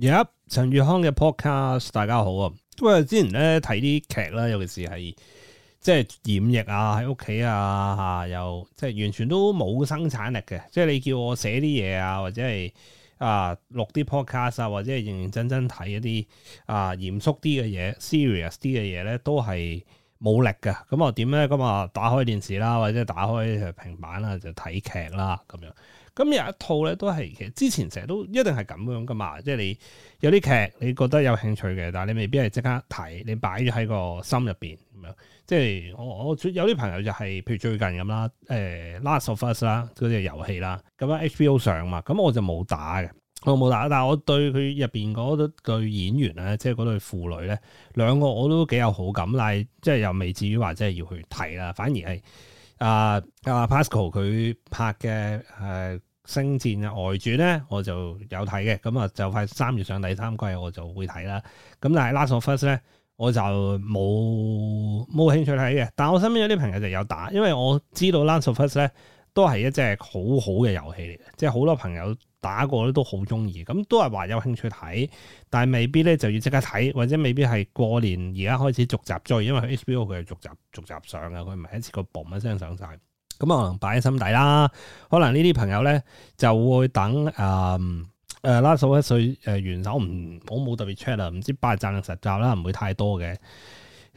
而家、yep，陳玉康嘅 podcast，大家好啊！因為之前咧睇啲劇啦，尤其是係即係染疫啊，喺屋企啊，又即係完全都冇生產力嘅。即係你叫我寫啲嘢啊，或者係啊錄啲 podcast 啊，或者係認認真真睇一啲啊嚴肅啲嘅嘢，serious 啲嘅嘢咧，都係冇力㗎。咁我點咧？咁啊打開電視啦，或者打開平板啦，就睇劇啦，咁樣。咁有一套咧，都係其實之前成日都一定係咁樣噶嘛，即係你有啲劇你覺得有興趣嘅，但係你未必係即刻睇，你擺咗喺個心入邊咁樣。即係我我有啲朋友就係、是、譬如最近咁啦，誒、呃《Last of Us》啦嗰隻遊戲啦，咁樣 HBO 上嘛，咁我就冇打嘅，我冇打。但係我對佢入邊嗰對演員咧，即係嗰對父女咧，兩個我都幾有好感，但係即係又未至於話即係要去睇啦，反而係。Uh, Pascal，啊！阿 Pascal 佢拍嘅誒《星戰》外傳咧，我就有睇嘅，咁啊就快三月上第三季我就會睇啦。咁但係《Last of Us》咧，我就冇冇興趣睇嘅。但係我身邊有啲朋友就有打，因為我知道《Last of Us》咧都係一隻好好嘅遊戲嚟嘅，即係好多朋友。打過咧都好中意，咁都係話有興趣睇，但係未必咧就要即刻睇，或者未必係過年而家開始續集追。因為 HBO 佢係續集續集上嘅，佢唔係一次個 boom 一聲上晒，咁可能擺喺心底啦。可能呢啲朋友咧就會等誒誒 last one 歲誒、呃、完唔我冇特別 check 啦，唔知八集定十集啦，唔會太多嘅。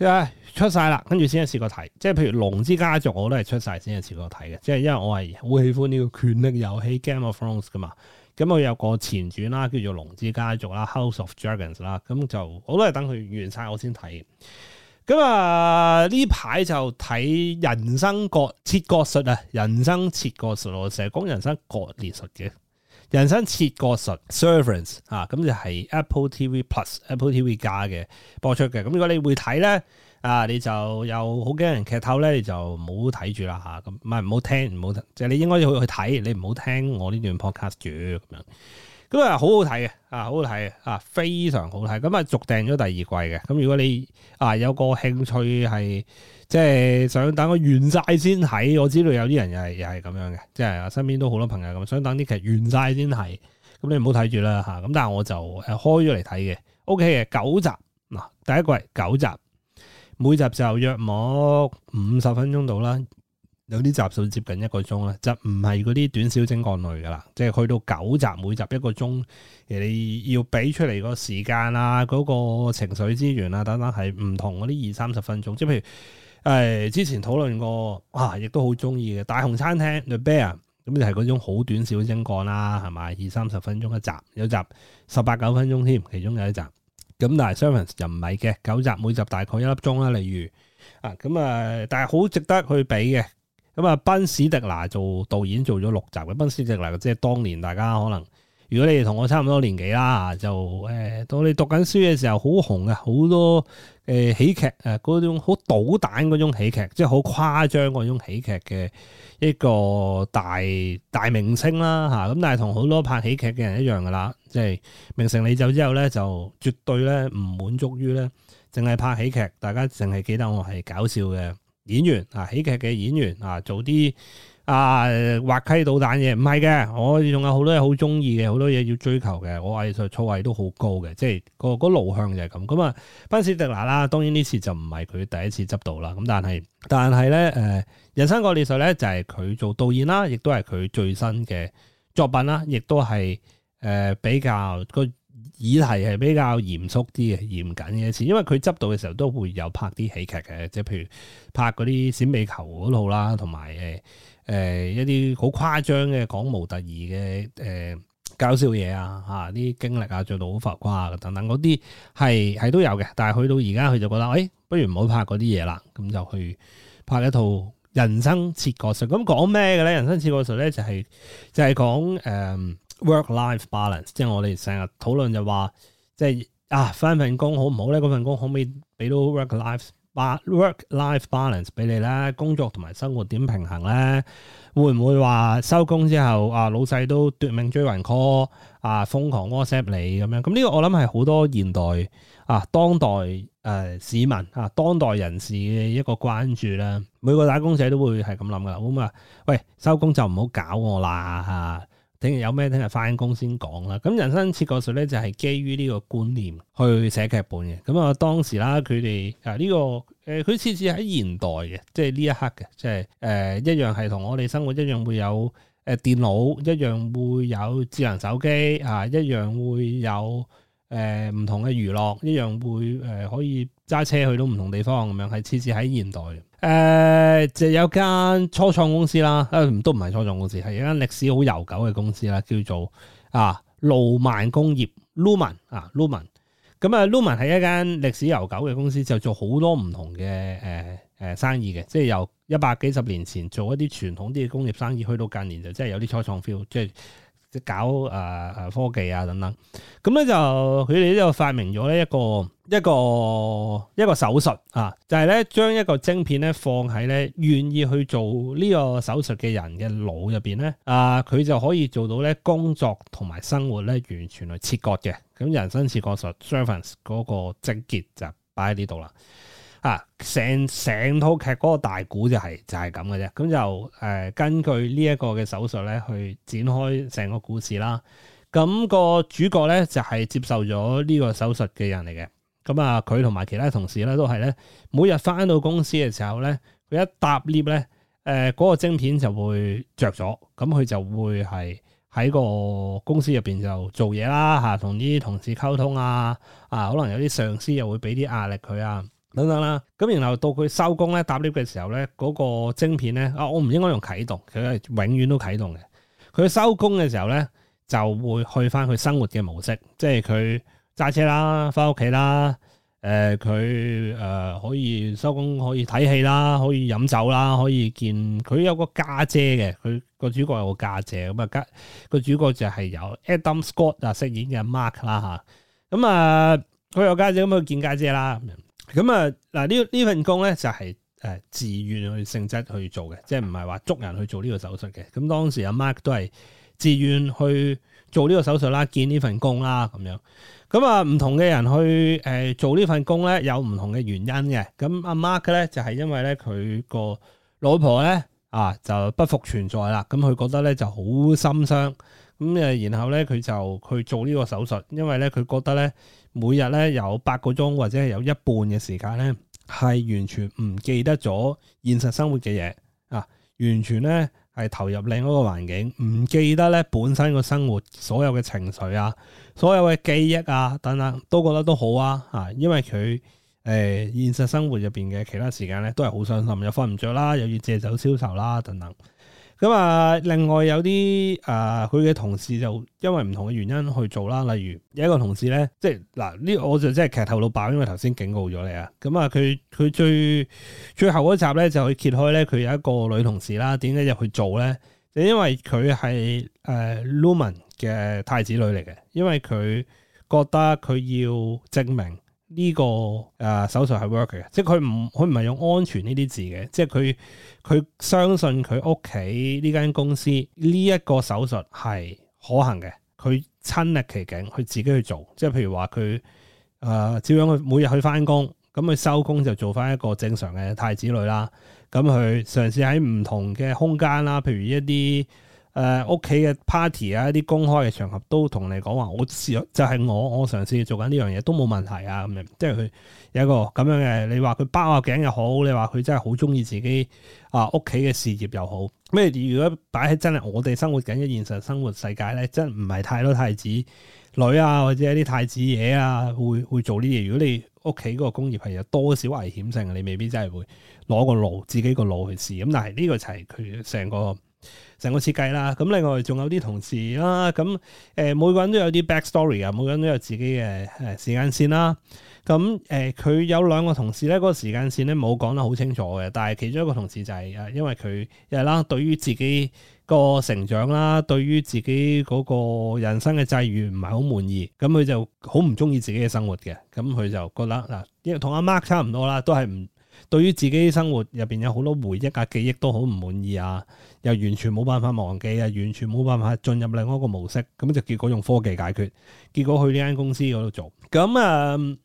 啊！出晒啦，跟住先試過睇，即係譬如《龍之家族》我，我都係出晒先試過睇嘅，即係因為我係好喜歡呢個權力遊戲 Game of Thrones》㗎嘛，咁我有個前傳啦，叫做《龍之家族》啦，《House of Dragons》啦，咁就我都係等佢完晒我先睇。咁啊，呢排就睇《人生國切割術》啊，《人生切割術》咯，成日講人生割裂術嘅。人生切割術 Severance 啊，咁就係、是、App Apple TV Plus、Apple TV 加嘅播出嘅。咁、嗯、如果你會睇咧，啊你就又好驚人劇透咧，你就唔好睇住啦嚇。咁唔係唔好聽，唔好即係你應該要去睇，你唔好聽我呢段 podcast 住咁樣。咁啊，啊，好好睇嘅，啊好好睇嘅，啊非常好睇。咁啊續訂咗第二季嘅。咁、啊、如果你啊有個興趣係。即係想等佢完晒先睇，我知道有啲人又係又係咁樣嘅，即係身邊都好多朋友咁，想等啲劇完晒先睇，咁你唔好睇住啦吓，咁但係我就開咗嚟睇嘅，OK 嘅九集嗱，第一季九集，每集就約莫五十分鐘到啦，有啲集數接近一個鐘啦，就唔係嗰啲短小精幹類噶啦，即係去到九集每集一個鐘，你要俾出嚟個時間啊，嗰個情緒資源啊等等係唔同嗰啲二三十分鐘，即係譬如。誒、哎、之前討論過，啊，亦都好中意嘅大熊餐廳 The Bear，咁就係嗰種好短小精幹啦，係咪二三十分鐘一集，有集十八九分鐘添，其中有一集。咁但係 Severance 就唔係嘅，九集每集大概一粒鐘啦。例如啊，咁啊，但係好值得去比嘅。咁啊，賓史迪拿做導演做咗六集嘅賓史迪拿，即係當年大家可能。如果你哋同我差唔多年紀啦，就誒，當、呃、你讀緊書嘅時候好紅嘅，好多誒、呃、喜劇誒嗰種好搗蛋嗰種喜劇，即係好誇張嗰種喜劇嘅一個大大明星啦嚇。咁、啊、但係同好多拍喜劇嘅人一樣噶啦，即係名成利就之後咧，就絕對咧唔滿足於咧淨係拍喜劇，大家淨係記得我係搞笑嘅演員啊，喜劇嘅演員啊，做啲。啊！滑稽導彈嘢唔係嘅，我仲有好多嘢好中意嘅，好多嘢要追求嘅。我藝術錯位都好高嘅，即係個路向就係咁。咁啊，賓史迪拿啦，當然呢次就唔係佢第一次執導啦。咁但係但係咧，誒、呃、人生切割術咧，就係佢做導演啦，亦都係佢最新嘅作品啦，亦都係誒比較個議題係比較嚴肅啲嘅、嚴謹嘅一次。因為佢執導嘅時候都會有拍啲喜劇嘅，即係譬如拍嗰啲閃尾球嗰套啦，同埋誒。呃誒、呃、一啲好誇張嘅講無特異嘅誒搞笑嘢啊嚇啲、啊、經歷啊做到好浮誇等等嗰啲係係都有嘅，但係去到而家佢就覺得誒、哎，不如唔好拍嗰啲嘢啦，咁就去拍一套人生切割術。咁、嗯、講咩嘅咧？人生切割術咧就係、是、就係、是、講誒、呃、work life balance，即係我哋成日討論就話即係啊，返份工好唔好咧？嗰份工可唔可以俾到 work life work-life balance 俾你咧，工作同埋生活點平衡咧？會唔會話收工之後啊，老細都奪命追魂 call 啊，瘋狂 WhatsApp 你咁樣？咁、這、呢個我諗係好多現代啊當代誒、呃、市民啊當代人士嘅一個關注啦。每個打工者都會係咁諗㗎。咁啊，喂，收工就唔好搞我啦吓。啊聽日有咩？聽日返工先講啦。咁人生切割術咧就係基於呢個觀念去寫劇本嘅。咁啊當時啦，佢哋啊呢個誒佢設置喺現代嘅，即係呢一刻嘅，即係誒、呃、一樣係同我哋生活一樣會有誒電腦，一樣會有智能手機啊，一樣會有，誒唔、呃、同嘅娛樂一樣會誒、呃、可以揸車去到唔同地方咁樣，係設置喺現代誒、呃，就有間初創公司啦，誒都唔係初創公司，係、呃、一間歷史好悠久嘅公司啦，叫做啊路曼工業 Lumen 啊 Lumen，咁啊 Lumen 係一間歷史悠久嘅公司，就做好多唔同嘅誒誒生意嘅，即係由一百幾十年前做一啲傳統啲嘅工業生意，去到近年就真係有啲初創 feel，即係。搞誒誒、呃、科技啊等等，咁咧就佢哋就發明咗呢一個一個一個手術啊，就係咧將一個晶片咧放喺咧願意去做呢個手術嘅人嘅腦入邊咧啊，佢就可以做到咧工作同埋生活咧完全去切割嘅，咁人生切割術 Severance 嗰個症結就擺喺呢度啦。啊！成成套劇嗰個大鼓就係、是、就係咁嘅啫，咁就誒、呃、根據呢一個嘅手術咧，去展開成個故事啦。咁、那個主角咧就係、是、接受咗呢個手術嘅人嚟嘅。咁啊，佢同埋其他同事咧都係咧，每日返到公司嘅時候咧，佢一搭 lift 咧，誒、呃、嗰、那個晶片就會着咗，咁佢就會係喺個公司入邊就做嘢啦嚇，同、啊、啲同事溝通啊，啊，可能有啲上司又會俾啲壓力佢啊。等等啦，咁然後到佢收工咧，搭 lift 嘅時候咧，嗰、那個晶片咧，啊、哦，我唔應該用啟動，佢係永遠都啟動嘅。佢收工嘅時候咧，就會去返佢生活嘅模式，即係佢揸車啦，返屋企啦，誒、呃，佢誒、呃、可以收工可以睇戲啦，可以飲酒啦，可以見佢有個家姐嘅，佢個主角有個家姐咁啊，家、那個主角就係由 Adam Scott 啊飾演嘅 Mark 啦嚇，咁啊，佢、呃、有家姐咁去見家姐，姐啦。咁啊，嗱呢呢份工咧就係誒自願去性質去做嘅，即係唔係話捉人去做呢個手術嘅。咁當時阿 Mark 都係自願去做呢個手術啦，見呢份工啦咁樣。咁啊唔同嘅人去誒做呢份工咧，有唔同嘅原因嘅。咁、嗯、阿 Mark 咧就係、是、因為咧佢個老婆咧啊就不復存在啦，咁佢覺得咧就好心傷。咁誒，然後咧，佢就去做呢個手術，因為咧，佢覺得咧，每日咧有八個鐘或者係有一半嘅時間咧，係完全唔記得咗現實生活嘅嘢啊，完全咧係投入另一個環境，唔記得咧本身個生活所有嘅情緒啊、所有嘅記憶啊等等，都覺得都好啊啊，因為佢誒、呃、現實生活入邊嘅其他時間咧都係好傷心，又瞓唔着啦，又要借酒消愁啦等等。咁啊，另外有啲啊，佢、呃、嘅同事就因為唔同嘅原因去做啦，例如有一個同事咧，即係嗱呢，我就即係劇透到爆，因為頭先警告咗你啊。咁啊，佢佢最最後嗰集咧就去揭開咧，佢有一個女同事啦，點解入去做咧？就係、因為佢係誒、呃、Lumen 嘅太子女嚟嘅，因為佢覺得佢要證明。呢個誒手術係 work 嘅、er，即係佢唔佢唔係用安全呢啲字嘅，即係佢佢相信佢屋企呢間公司呢一個手術係可行嘅，佢親歷其境，佢自己去做，即係譬如話佢誒照樣每去每日去翻工，咁佢收工就做翻一個正常嘅太子女啦，咁佢嘗試喺唔同嘅空間啦，譬如一啲。誒屋企嘅 party 啊，一啲公開嘅場合都同你講話，我試咗就係、是、我，我嘗試做緊呢樣嘢都冇問題啊咁樣，即係佢有一個咁樣嘅。你話佢包下頸又好，你話佢真係好中意自己啊屋企嘅事業又好。咩？如果擺喺真係我哋生活緊嘅現實生活世界咧，真唔係太多太子女啊，或者一啲太子爺啊，會會做呢嘢。如果你屋企嗰個工業係有多少危險性，你未必真係會攞個腦自己個腦去試。咁但係呢個就係佢成個。成個設計啦，咁另外仲有啲同事啦，咁誒，每個人都有啲 back story 啊，每個人都有自己嘅誒時間線啦，咁誒，佢有兩個同事咧，個時間線咧冇講得好清楚嘅，但係其中一個同事就係啊，因為佢又係啦，對於自己個成長啦，對於自己嗰個人生嘅際遇唔係好滿意，咁佢就好唔中意自己嘅生活嘅，咁佢就覺得嗱，因為同阿 Mark 差唔多啦，都係唔。對於自己生活入邊有好多回憶啊，記憶都好唔滿意啊，又完全冇辦法忘記啊，完全冇辦法進入另外一個模式，咁就結果用科技解決，結果去呢間公司嗰度做，咁啊～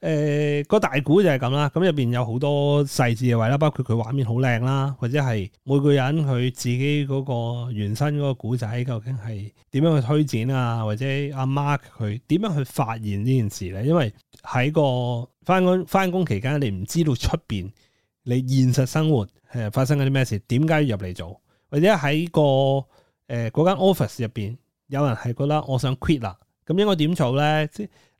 誒個、呃、大故就係咁啦，咁入邊有好多細節嘅位啦，包括佢畫面好靚啦，或者係每個人佢自己嗰個原生嗰個故仔究竟係點樣去推展啊，或者阿 Mark 佢點樣去發現呢件事咧？因為喺個翻工翻工期間，你唔知道出邊你現實生活係發生緊啲咩事，點解要入嚟做？或者喺個誒嗰、呃、間 office 入邊，有人係覺得我想 quit 啦，咁應該點做咧？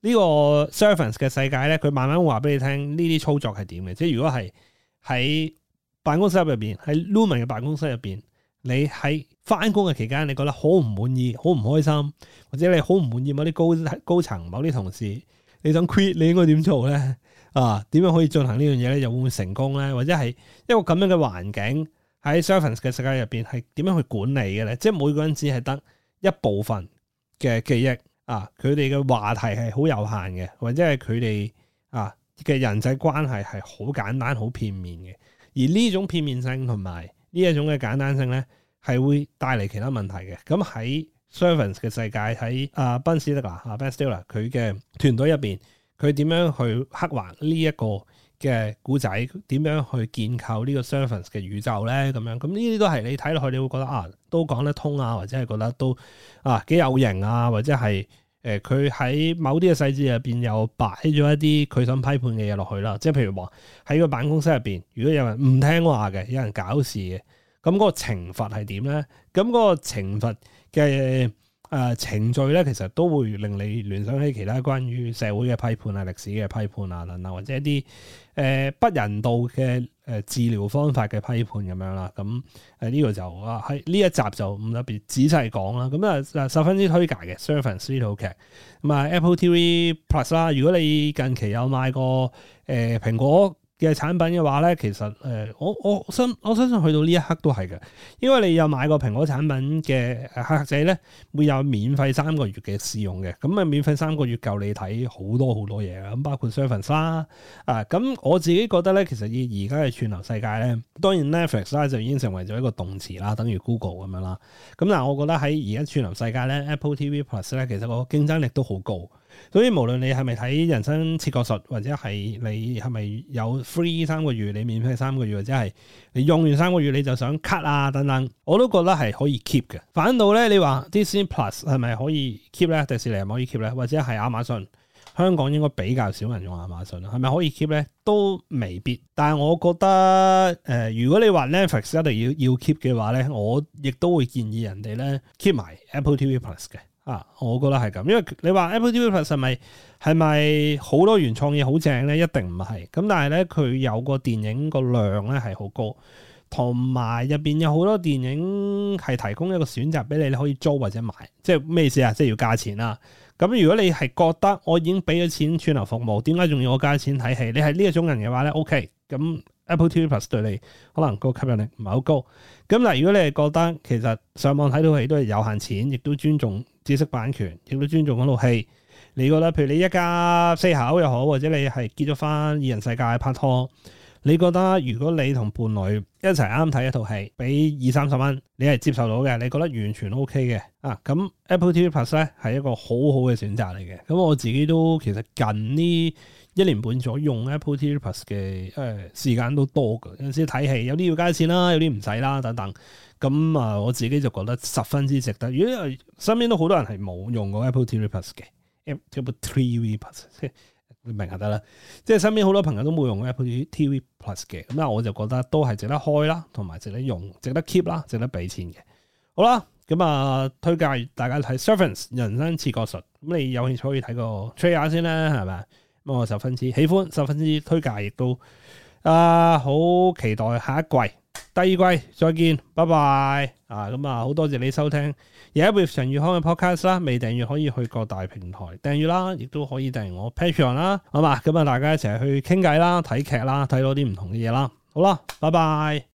呢個 Severance 嘅世界咧，佢慢慢話俾你聽，呢啲操作係點嘅。即係如果係喺辦公室入邊，喺 Lumen 嘅辦公室入邊，你喺翻工嘅期間，你覺得好唔滿意、好唔開心，或者你好唔滿意某啲高高層、某啲同事，你想 quit，你應該點做咧？啊，點樣可以進行呢樣嘢咧？又會唔會成功咧？或者係一個咁樣嘅環境喺 Severance 嘅世界入邊，係點樣去管理嘅咧？即係每個人只係得一部分嘅記憶。啊！佢哋嘅話題係好有限嘅，或者係佢哋啊嘅人際關係係好簡單、好片面嘅。而呢種片面性同埋呢一種嘅簡單性咧，係會帶嚟其他問題嘅。咁喺 Severance 嘅世界喺啊 Ben Stiller 啊 Ben Stiller 佢嘅團隊入邊，佢點樣去刻畫呢一個嘅古仔？點樣去建構呢個 Severance 嘅宇宙咧？咁樣咁呢啲都係你睇落去，你會覺得啊，都講得通啊，或者係覺得都啊幾有型啊，或者係。誒，佢喺、呃、某啲嘅細節入邊又擺咗一啲佢想批判嘅嘢落去啦，即係譬如話喺個辦公室入邊，如果有人唔聽話嘅，有人搞事嘅，咁嗰個懲罰係點咧？咁嗰個懲罰嘅誒程序咧，其實都會令你聯想起其他關於社會嘅批判啊、歷史嘅批判啊、等等或者一啲誒、呃、不人道嘅。誒治療方法嘅批判咁樣啦，咁誒呢個就啊喺呢一集就唔特別仔細講啦，咁啊啊十分之推介嘅 Surface 呢套劇，咁啊 Apple TV Plus 啦，如果你近期有買過誒蘋果。嘅產品嘅話咧，其實誒、呃，我我想我相信去到呢一刻都係嘅，因為你有買過蘋果產品嘅客仔咧，會有免費三個月嘅試用嘅，咁啊免費三個月夠你睇好多好多嘢啊，咁包括 service 啦，啊，咁我自己覺得咧，其實而而家嘅串流世界咧，當然 Netflix 咧就已經成為咗一個動詞啦，等於 Google 咁樣啦，咁嗱，我覺得喺而家串流世界咧，Apple TV Plus 咧，其實個競爭力都好高。所以無論你係咪睇人生切割術，或者係你係咪有 free 三個月你免費三個月，或者係你用完三個月你就想 cut 啊等等，我都覺得係可以 keep 嘅。反到咧，你話 Disney Plus 係咪可以 keep 咧？迪士尼係咪可以 keep 咧？或者係亞馬遜？香港應該比較少人用亞馬遜啦，係咪可以 keep 咧？都未必。但係我覺得誒、呃，如果你話 Netflix 一定要要 keep 嘅話咧，我亦都會建議人哋咧 keep 埋 Apple TV Plus 嘅。啊，我覺得係咁，因為你話 Apple TV Plus 係咪係咪好多原創嘢好正咧？一定唔係。咁但係咧，佢有個電影個量咧係好高，同埋入邊有好多電影係提供一個選擇俾你，你可以租或者買。即係咩意思啊？即係要價錢啦、啊。咁如果你係覺得我已經俾咗錢串流服務，點解仲要我加錢睇戲？你係呢一種人嘅話咧，OK、嗯。咁。Apple TV Plus 對你可能個吸引力唔係好高，咁嗱，如果你係覺得其實上網睇到戲都係有限錢，亦都尊重知識版權，亦都尊重嗰套戲，你覺得譬如你一家四口又好，或者你係結咗返二人世界拍拖。你覺得如果你同伴侶一齊啱睇一套戲，俾二三十蚊，你係接受到嘅？你覺得完全 OK 嘅啊？咁 Apple TV Plus 咧係一個好好嘅選擇嚟嘅。咁我自己都其實近呢一年半左右用 Apple TV Plus 嘅誒時間都多㗎，有陣時睇戲，有啲要加錢啦，有啲唔使啦等等。咁啊，我自己就覺得十分之值得。如果身邊都好多人係冇用過 Apple TV Plus Apple TV Plus 嘅 Apple TV Plus 你明下得啦，即係身邊好多朋友都冇用 Apple TV Plus 嘅，咁啊我就覺得都係值得開啦，同埋值得用，值得 keep 啦，值得俾錢嘅。好啦，咁啊推介大家睇 Severance 人生切割術，咁你有興趣可以睇個 trailer 下先啦，係咪啊？咁我十分之喜歡，十分之推介，亦都啊好、呃、期待下一季。第二季再見，拜拜啊！咁、嗯、啊，好、嗯、多謝你收聽，而家 with 陳宇康嘅 podcast 啦。未訂閱可以去各大平台訂閱啦，亦都可以訂我 Patreon 啦、啊。好、嗯、嘛，咁、嗯、啊，大家一齊去傾偈啦、睇劇啦、睇多啲唔同嘅嘢啦。好、啊、啦，拜拜。